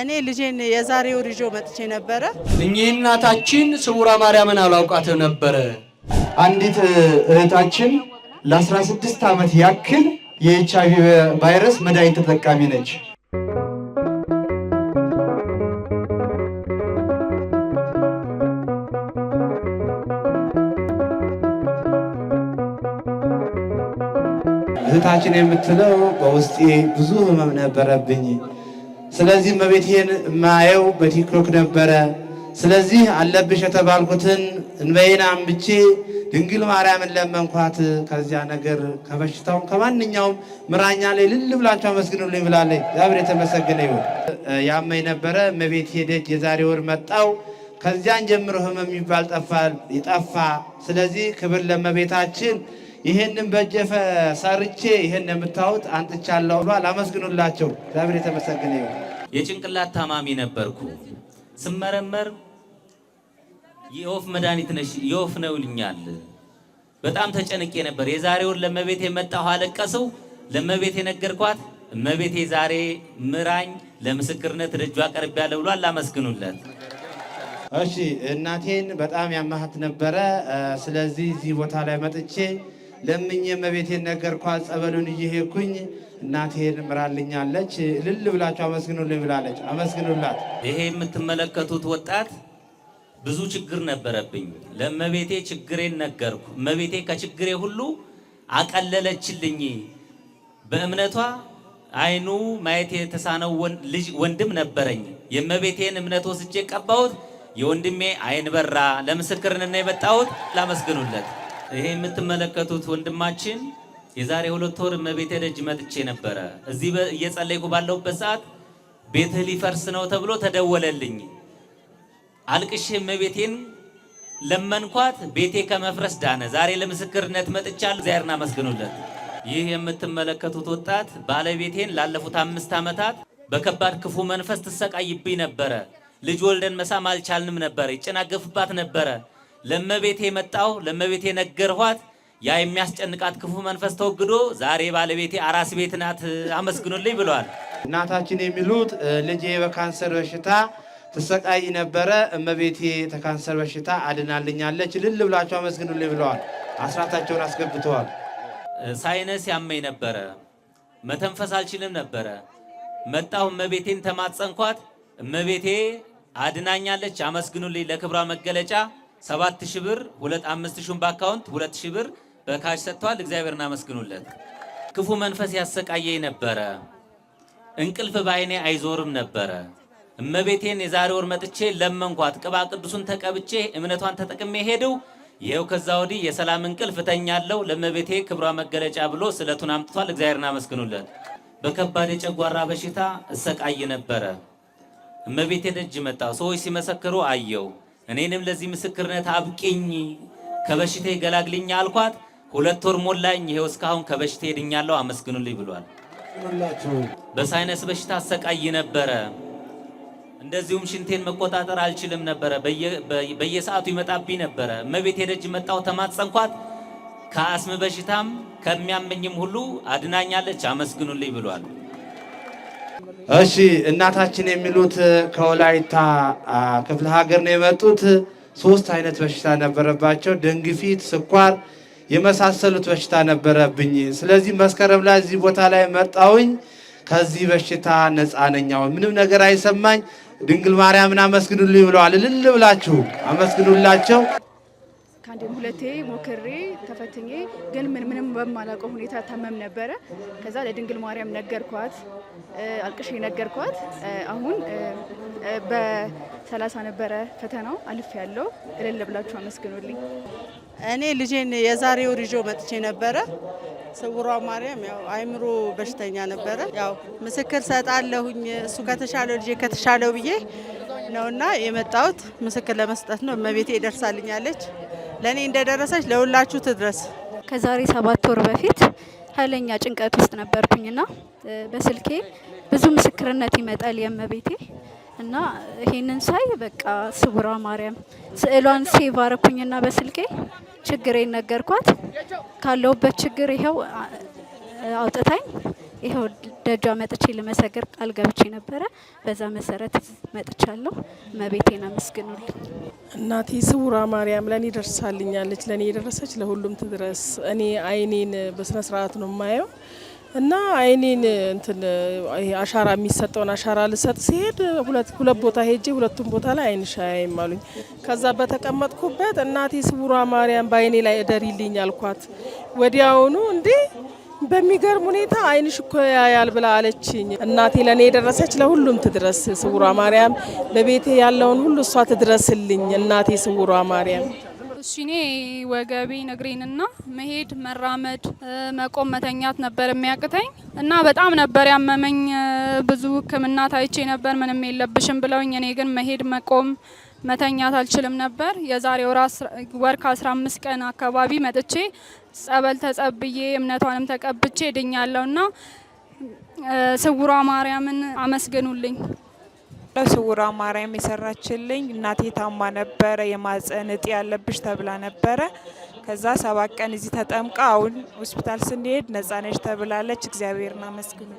እኔ ልጄን የዛሬው ልጆ መጥቼ ነበረ። እኚህ እናታችን ስውራ ማርያምን አላውቃትም ነበረ። አንዲት እህታችን ለ16 ዓመት ያክል የኤች አይ ቪ ቫይረስ መድኃኒት ተጠቃሚ ነች። እህታችን የምትለው በውስጤ ብዙ ህመም ነበረብኝ ስለዚህ እመቤቴን ማየው በቲክቶክ ነበረ። ስለዚህ አለብሽ የተባልኩትን እንበይን አንብቼ ድንግል ማርያምን ለመንኳት። ከዚያ ነገር ከበሽታውም ከማንኛውም ምራኛ ላይ ልል ብላችሁ አመስግኑልኝ ብላለች። እግዚአብሔር የተመሰገነ ይሁን። ያመኝ ነበረ መቤት ሄደች። የዛሬ ወር መጣው። ከዚያን ጀምሮ ህመም የሚባል ይጠፋ። ስለዚህ ክብር ለእመቤታችን። ይህንን በጀፈ ሰርቼ ይህን የምታዩት አንጥቻለሁ ብሏል። አመስግኑላቸው። እግዚአብሔር የተመሰገነ ይሁን። የጭንቅላት ታማሚ ነበርኩ። ስመረመር የወፍ መድኃኒት ነሽ የወፍ ነው ይልኛል። በጣም ተጨንቄ ነበር። የዛሬውን ለመቤት የመጣሁ አለቀሰው። ለመቤት የነገርኳት እመቤቴ ዛሬ ምራኝ፣ ለምስክርነት ደጇ ቀርቤያለሁ ብሎ አላመስግኑለት። እሺ እናቴን በጣም ያማሃት ነበረ። ስለዚህ እዚህ ቦታ ላይ መጥቼ ለምኜ እመቤቴን ነገርኳት። ጸበሉን እየሄድኩኝ እናቴን ምራልኛለች። ልል ብላችሁ አመስግኑልኝ ብላለች። አመስግኑላት። ይሄ የምትመለከቱት ወጣት ብዙ ችግር ነበረብኝ። ለእመቤቴ ችግሬን ነገርኩ። እመቤቴ ከችግሬ ሁሉ አቀለለችልኝ። በእምነቷ አይኑ ማየት የተሳነው ወንድም ነበረኝ። የእመቤቴን እምነት ወስጄ ቀባሁት። የወንድሜ አይን በራ። ለምስክርንና የመጣሁት ላመስግኑለት። ይሄ የምትመለከቱት ወንድማችን የዛሬ ሁለት ወር እመቤቴ ደጅ መጥቼ ነበረ። እዚህ እየጸለይኩ ባለሁበት ሰዓት ቤትህ ሊፈርስ ነው ተብሎ ተደወለልኝ። አልቅሼ እመቤቴን ለመንኳት። ቤቴ ከመፍረስ ዳነ። ዛሬ ለምስክርነት መጥቻለሁ። እግዚአብሔርን አመስግኑለት። ይህ የምትመለከቱት ወጣት ባለቤቴን ላለፉት አምስት ዓመታት በከባድ ክፉ መንፈስ ትሰቃይብኝ ነበረ። ልጅ ወልደን መሳም አልቻልንም ነበር። ይጨናገፍባት ነበረ። ለመቤቴ መጣሁ። ለመቤቴ ነገርኋት። ያ የሚያስጨንቃት ክፉ መንፈስ ተወግዶ ዛሬ ባለቤቴ አራስ ቤት ናት አመስግኑልኝ ብለዋል። እናታችን የሚሉት ልጄ በካንሰር በሽታ ትሰቃይ ነበረ፣ እመቤቴ ተካንሰር በሽታ አድናልኛለች፣ ልል ብላቸው አመስግኑልኝ ብለዋል። አስራታቸውን አስገብተዋል። ሳይነስ ያመኝ ነበረ፣ መተንፈስ አልችልም ነበረ። መጣሁ፣ እመቤቴን ተማጸንኳት። እመቤቴ አድናኛለች፣ አመስግኑልኝ ለክብሯ መገለጫ ሰባት ሺህ ብር ሁለት አምስት ሺህን በአካውንት ሁለት ሺህ ብር በካሽ ሰጥቷል። እግዚአብሔር እናመስግኑለት። ክፉ መንፈስ ያሰቃየኝ ነበረ። እንቅልፍ ባይኔ አይዞርም ነበረ። እመቤቴን የዛሬ ወር መጥቼ ለመንኳት። ቅባ ቅዱሱን ተቀብቼ እምነቷን ተጠቅሜ ሄደው ይኸው ከዛ ወዲህ የሰላም እንቅልፍ እተኛለሁ። ለእመቤቴ ክብሯ መገለጫ ብሎ ስለቱን አምጥቷል። እግዚአብሔር እናመስግኑለት። በከባድ የጨጓራ በሽታ እሰቃይ ነበረ። እመቤቴ ደጅ መጣ። ሰዎች ሲመሰክሩ አየው። እኔንም ለዚህ ምስክርነት አብቅኝ፣ ከበሽታ ገላግልኝ አልኳት። ሁለት ወር ሞላኝ፣ ይሄው እስካሁን ከበሽታ ሄድኛለሁ፣ አመስግኑልኝ ብሏል። በሳይነስ በሽታ አሰቃይ ነበረ። እንደዚሁም ሽንቴን መቆጣጠር አልችልም ነበረ። በየሰዓቱ ይመጣብኝ ነበረ። እመቤት ሄደች፣ መጣው፣ ተማጸንኳት። ከአስም በሽታም ከሚያመኝም ሁሉ አድናኛለች፣ አመስግኑልኝ ብሏል። እሺ እናታችን የሚሉት ከወላይታ ክፍለ ሀገር ነው የመጡት። ሶስት አይነት በሽታ ነበረባቸው፣ ደንግፊት፣ ስኳር የመሳሰሉት በሽታ ነበረብኝ። ስለዚህ መስከረም ላይ እዚህ ቦታ ላይ መጣውኝ። ከዚህ በሽታ ነፃ ነኝ። ምንም ነገር አይሰማኝ። ድንግል ማርያምን አመስግኑልኝ ብለዋል። እልል ብላችሁ አመስግኑላቸው። ከአንዴም ሁለቴ ሞክሬ ተፈትኜ ግን ምን ምንም በማላውቀው ሁኔታ ታመም ነበረ። ከዛ ለድንግል ማርያም ነገርኳት፣ አልቅሼ ነገርኳት። አሁን በሰላሳ ነበረ ፈተናው አልፍ ያለው እልል ብላችሁ አመስግኑልኝ። እኔ ልጄን የዛሬው ሪጆ መጥቼ ነበረ። ስውሯ ማርያም ያው አይምሮ በሽተኛ ነበረ። ያው ምስክር ሰጣለሁኝ እሱ ከተሻለው ልጄ ከተሻለው ብዬ ነውና የመጣሁት ምስክር ለመስጠት ነው። እመቤቴ ይደርሳልኛለች። ለእኔ እንደደረሰች ለሁላችሁ ትድረስ። ከዛሬ ሰባት ወር በፊት ኃይለኛ ጭንቀት ውስጥ ነበርኩኝና በስልኬ ብዙ ምስክርነት ይመጣል የእመቤቴ እና ይሄንን ሳይ በቃ ስውሯ ማርያም ስዕሏን ሴቭ አረኩኝና በስልኬ ችግሬን ነገርኳት። ካለውበት ችግር ይኸው አውጥታኝ ይኸው ደጇ መጥቼ ልመሰግር ቃል ገብቼ ነበረ። በዛ መሰረት መጥቻለሁ። መቤቴን አመስግኑልኝ። እናቴ ስውሯ ማርያም ለእኔ ደርሳልኛለች። ለእኔ የደረሰች ለሁሉም ትድረስ። እኔ አይኔን በስነስርዓት ነው የማየው እና አይኔን እንትን አሻራ የሚሰጠውን አሻራ ልሰጥ ሲሄድ ሁለት ቦታ ሄጄ ሁለቱም ቦታ ላይ አይንሽ አያይም አሉኝ። ከዛ በተቀመጥኩበት እናቴ ስውሯ ማርያም በአይኔ ላይ እደሪልኝ አልኳት። ወዲያውኑ እንዴ በሚገርም ሁኔታ አይንሽ እኮ ያያል ብላ አለችኝ። እናቴ ለእኔ የደረሰች ለሁሉም ትድረስ ስውሯ ማርያም፣ በቤቴ ያለውን ሁሉ እሷ ትድረስልኝ እናቴ ስውሯ ማርያም እሺ እኔ ወገቤ ነግሬንና መሄድ መራመድ መቆም መተኛት ነበር የሚያቅተኝ እና በጣም ነበር ያመመኝ። ብዙ ህክምና ታይቼ ነበር ምንም የለብሽም ብለውኝ፣ እኔ ግን መሄድ መቆም መተኛት አልችልም ነበር። የዛሬ ወር ከ15 ቀን አካባቢ መጥቼ ጸበል ተጸብዬ እምነቷንም ተቀብቼ ና ስውሯ ማርያምን አመስግኑልኝ። ለስውሯ ማርያም የሰራችልኝ እናቴ ታማ ነበረ፣ የማህፀን እጢ ያለብሽ ተብላ ነበረ። ከዛ ሰባት ቀን እዚህ ተጠምቃ አሁን ሆስፒታል ስንሄድ ነጻነች ተብላለች። እግዚአብሔር እናመስግኑ።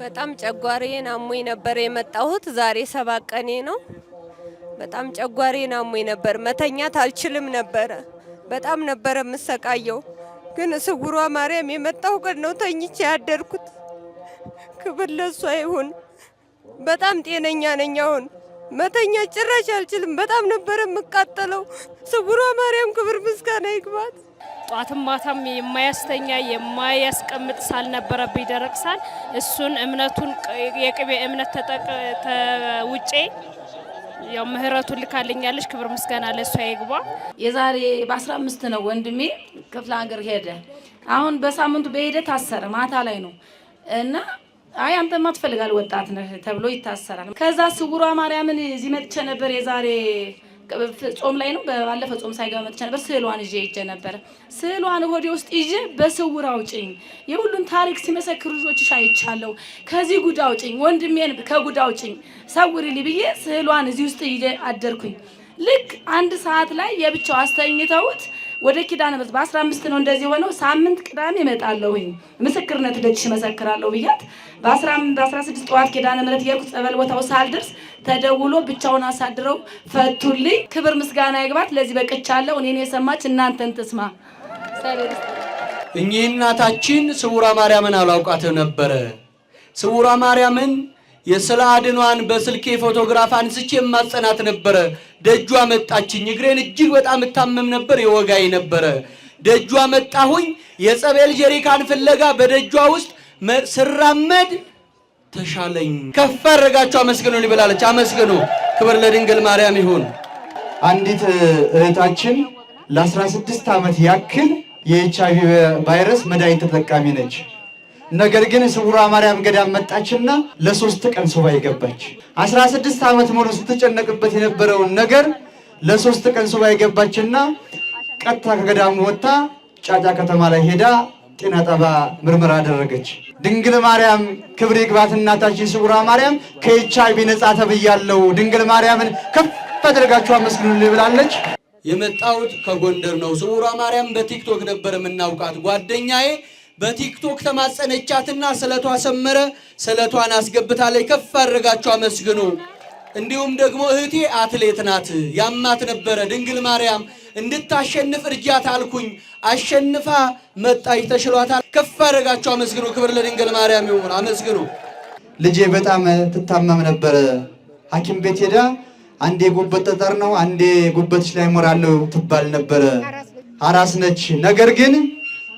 በጣም ጨጓሬን አሞኝ ነበር የመጣሁት። ዛሬ ሰባት ቀኔ ነው። በጣም ጨጓሬን አሞኝ ነበር፣ መተኛት አልችልም ነበረ። በጣም ነበረ የምሰቃየው። ግን ስውሯ ማርያም የመጣው ቀን ነው ተኝቼ ያደርኩት። ክብር ለሷ ይሁን። በጣም ጤነኛ ነኝ። አሁን መተኛ ጭራሽ አልችልም። በጣም ነበረ የምቃጠለው። ስውሯ ማርያም ክብር ምስጋና ይግባት። ጧትም ማታም የማያስተኛ የማያስቀምጥ ሳል ነበረብኝ፣ ደረቅ ሳል። እሱን እምነቱን የቅቤ እምነት ተውጬ ያው ምህረቱን ልካልኛለች። ክብር ምስጋና ለእሷ ይግባ። የዛሬ በ ነው ወንድሜ ክፍለ ሀገር ሄደ። አሁን በሳምንቱ በሄደ ታሰረ ማታ ላይ ነው እና አይ አንተ ማትፈልጋል ወጣት ነህ ተብሎ ይታሰራል። ከዛ ስውሯ ማርያምን እዚህ መጥቼ ነበር የዛሬ ጾም ላይ ነው። ባለፈ ጾም ሳይገባ መጥቼ ነበር። ስዕሏን ይዤ ይዤ ነበር። ስዕሏን ሆዴ ውስጥ ይዤ በስውር አውጭኝ፣ የሁሉን ታሪክ ሲመሰክሩ ልጆችሽ አይቻለሁ፣ ከዚህ ጉድ አውጭኝ፣ ወንድሜን ከጉድ አውጭኝ፣ ሰውሪልኝ ብዬ ስዕሏን እዚህ ውስጥ ይዤ አደርኩኝ። ልክ አንድ ሰዓት ላይ የብቻው አስተኝተውት ወደ ኪዳነ ምሕረት በአስራ አምስት ነው እንደዚህ ሆነው ሳምንት ቅዳሜ እመጣለሁኝ ምስክርነት ደጅሽ እመሰክራለሁ ብያት በ16 ጠዋት ኪዳነ ምሕረት የሄድኩት ጸበል ቦታው ሳልደርስ ተደውሎ ብቻውን አሳድረው ፈቱልኝ። ክብር ምስጋና ይግባት። ለዚህ በቅቻለሁ። እኔን የሰማች እናንተን ትስማ። እኚህ እናታችን ስውራ ማርያምን አላውቃትም ነበረ። ስውራ ማርያምን የስዕለ አድኗን በስልኬ ፎቶግራፍ አንስቼ የማጸናት ነበረ። ደጇ መጣችኝ። እግሬን እጅግ በጣም እታመም ነበር፣ የወጋይ ነበረ። ደጇ መጣሁኝ። የጸበል ጀሪካን ፍለጋ በደጇ ውስጥ ስራመድ ተሻለኝ። ከፍ አድርጋችሁ አመስግኑ ይበላለች። አመስግኑ። ክብር ለድንግል ማርያም ይሁን። አንዲት እህታችን ለ16 ዓመት ያክል የኤች አይ ቪ ቫይረስ መድኃኒት ተጠቃሚ ነች። ነገር ግን ስውሯ ማርያም ገዳም መጣችና ለሶስት ቀን ሱባኤ የገባች 16 ዓመት ሙሉ ስትጨነቅበት የነበረውን ነገር ለሶስት ቀን ሱባኤ ይገባችና ቀጥታ ከገዳሙ ወጥታ ጫጫ ከተማ ላይ ሄዳ ጤና ምርመራ አደረገች። ድንግል ማርያም ክብር ይግባት እናታችን ስውሯ ማርያም ከኤች አይ ቪ ነጻ ተብያለሁ፣ ድንግል ማርያምን ከፍ አድርጋችሁ አመስግኑልኝ ብላለች። የመጣሁት ከጎንደር ነው። ስውሯ ማርያም በቲክቶክ ነበር የምናውቃት። ጓደኛዬ በቲክቶክ ተማጸነቻትና ስለቷ ሰመረ። ስለቷን አስገብታለች። ከፍ አድርጋችሁ አመስግኑ። እንዲሁም ደግሞ እህቴ አትሌት ናት። ያማት ነበረ ድንግል ማርያም እንድታሸንፍ እርጃት አልኩኝ። አሸንፋ መጣች፣ ተሽሏታል። ከፍ አደረጋችሁ፣ አመስግኑ። ክብር ለድንግል ማርያም ይሁን፣ አመስግኑ። ልጄ በጣም ትታመም ነበረ። ሐኪም ቤት ሄዳ አንዴ ጉበት ጠጠር ነው፣ አንዴ ጉበትሽ ላይ ሞራለሁ ትባል ነበረ። አራስ ነች። ነገር ግን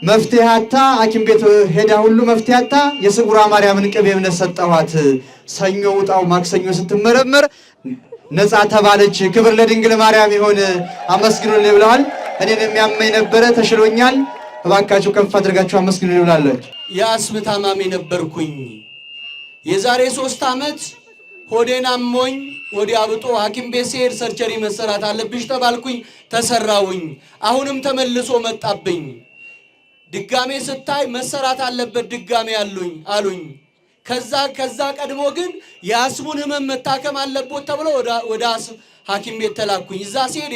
መፍትሄ አታ ሐኪም ቤት ሄዳ ሁሉ መፍትሄ አታ የስጉራ ማርያምን ቅቤ እምነት ሰጠኋት። ሰኞ ውጣው ማክሰኞ ስትመረመር ነፃ ተባለች። ክብር ለድንግል ማርያም ይሆን። አመስግኑልኝ ብለዋል። እኔን የሚያመኝ ነበረ ተሽሎኛል። እባካችሁ ከፍ አድርጋችሁ አመስግኑልኝ ብላለች። የአስም ታማሚ ነበርኩኝ። የዛሬ ሶስት ዓመት ሆዴን አሞኝ አብጦ ሐኪም ቤት ስሄድ ሰርጀሪ መሰራት አለብሽ ተባልኩኝ። ተሰራውኝ። አሁንም ተመልሶ መጣብኝ። ድጋሜ ስታይ መሰራት አለበት ድጋሜ አሉኝ አሉኝ ከዛ ከዛ ቀድሞ ግን የአስቡን ህመም መታከም አለቦት ተብሎ ወደ ሐኪም ቤት ተላኩኝ። እዛ ሲሄድ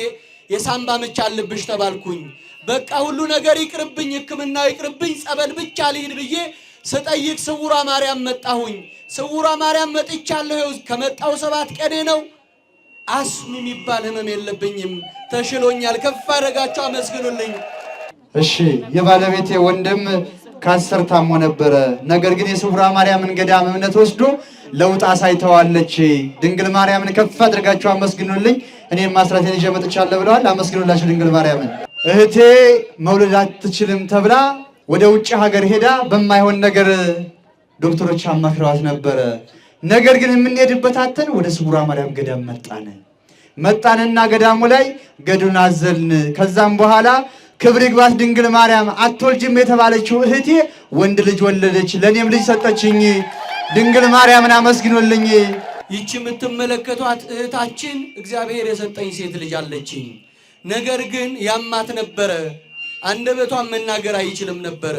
የሳምባ ምች አለብሽ ተባልኩኝ። በቃ ሁሉ ነገር ይቅርብኝ፣ ህክምና ይቅርብኝ፣ ጸበል ብቻ ልሂድ ብዬ ስጠይቅ ስውሯ ማርያም መጣሁኝ። ስውሯ ማርያም መጥቻለሁ። ከመጣው ሰባት ቀኔ ነው። አስም የሚባል ህመም የለብኝም፣ ተሽሎኛል። ከፍ አደረጋቸው፣ አመስግኑልኝ። እሺ የባለቤቴ ወንድም ካንሰር ታሞ ነበረ። ነገር ግን የስውሯ ማርያምን ገዳም እምነት ወስዶ ለውጥ አሳይተዋለች። ድንግል ማርያምን ከፍ አድርጋችሁ አመስግኑልኝ፣ እኔም ማስራቴን ይዤ መጥቻለሁ ብለዋል። አመስግኑላችሁ ድንግል ማርያምን። እህቴ መውለድ አትችልም ተብላ ወደ ውጭ ሀገር ሄዳ በማይሆን ነገር ዶክተሮች አማክረዋት ነበረ። ነገር ግን የምንሄድበት አተን ወደ ስውሯ ማርያም ገዳም መጣን። መጣንና ገዳሙ ላይ ገዱን አዘልን። ከዛም በኋላ ክብር ይግባት ድንግል ማርያም አትወልጅም የተባለችው እህቴ ወንድ ልጅ ወለደች፣ ለእኔም ልጅ ሰጠችኝ። ድንግል ማርያምን አመስግኖልኝ። ይቺ የምትመለከቷት እህታችን እግዚአብሔር የሰጠኝ ሴት ልጅ አለችኝ። ነገር ግን ያማት ነበረ፣ አንደበቷን መናገር አይችልም ነበረ።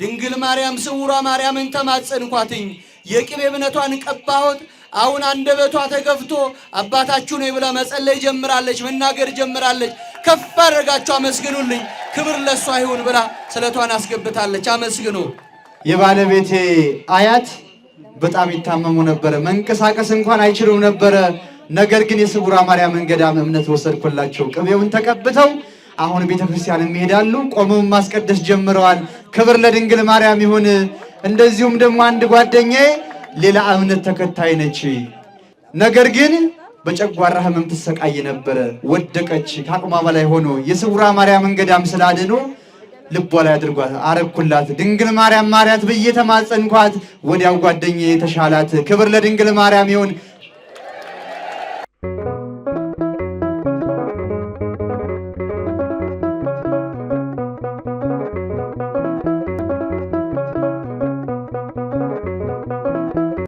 ድንግል ማርያም ስውሯ ማርያምን ተማጸንኳትኝ፣ የቅቤ እምነቷን ቀባሁት። አሁን አንደበቷ ተገፍቶ አባታችሁ ነው ብላ መጸለይ ጀምራለች፣ መናገር ጀምራለች። ከፍ አድርጋችሁ አመስግኑልኝ፣ ክብር ለእሷ ይሁን ብላ ስለቷን አስገብታለች። አመስግኑ። የባለቤቴ አያት በጣም ይታመሙ ነበረ። መንቀሳቀስ እንኳን አይችሉም ነበረ። ነገር ግን የስውራ ማርያምን ገዳም እምነት ወሰድኩላቸው። ቅቤውን ተቀብተው አሁን ቤተክርስቲያንም ይሄዳሉ። ቆመውን ማስቀደስ ጀምረዋል። ክብር ለድንግል ማርያም ይሁን። እንደዚሁም ደግሞ አንድ ጓደኛዬ ሌላ እምነት ተከታይ ነች። ነገር ግን በጨጓራ ህመም ትሰቃይ ነበረ። ወደቀች፣ ከአቅሟ በላይ ሆኖ የስውራ ማርያምን ገዳም ስላድኖ ልቧ ላይ አድርጓት አረግኩላት። ድንግል ማርያም ማርያት ብዬ ተማጸንኳት፣ ወዲያው ጓደኛዬ የተሻላት። ክብር ለድንግል ማርያም ይሁን።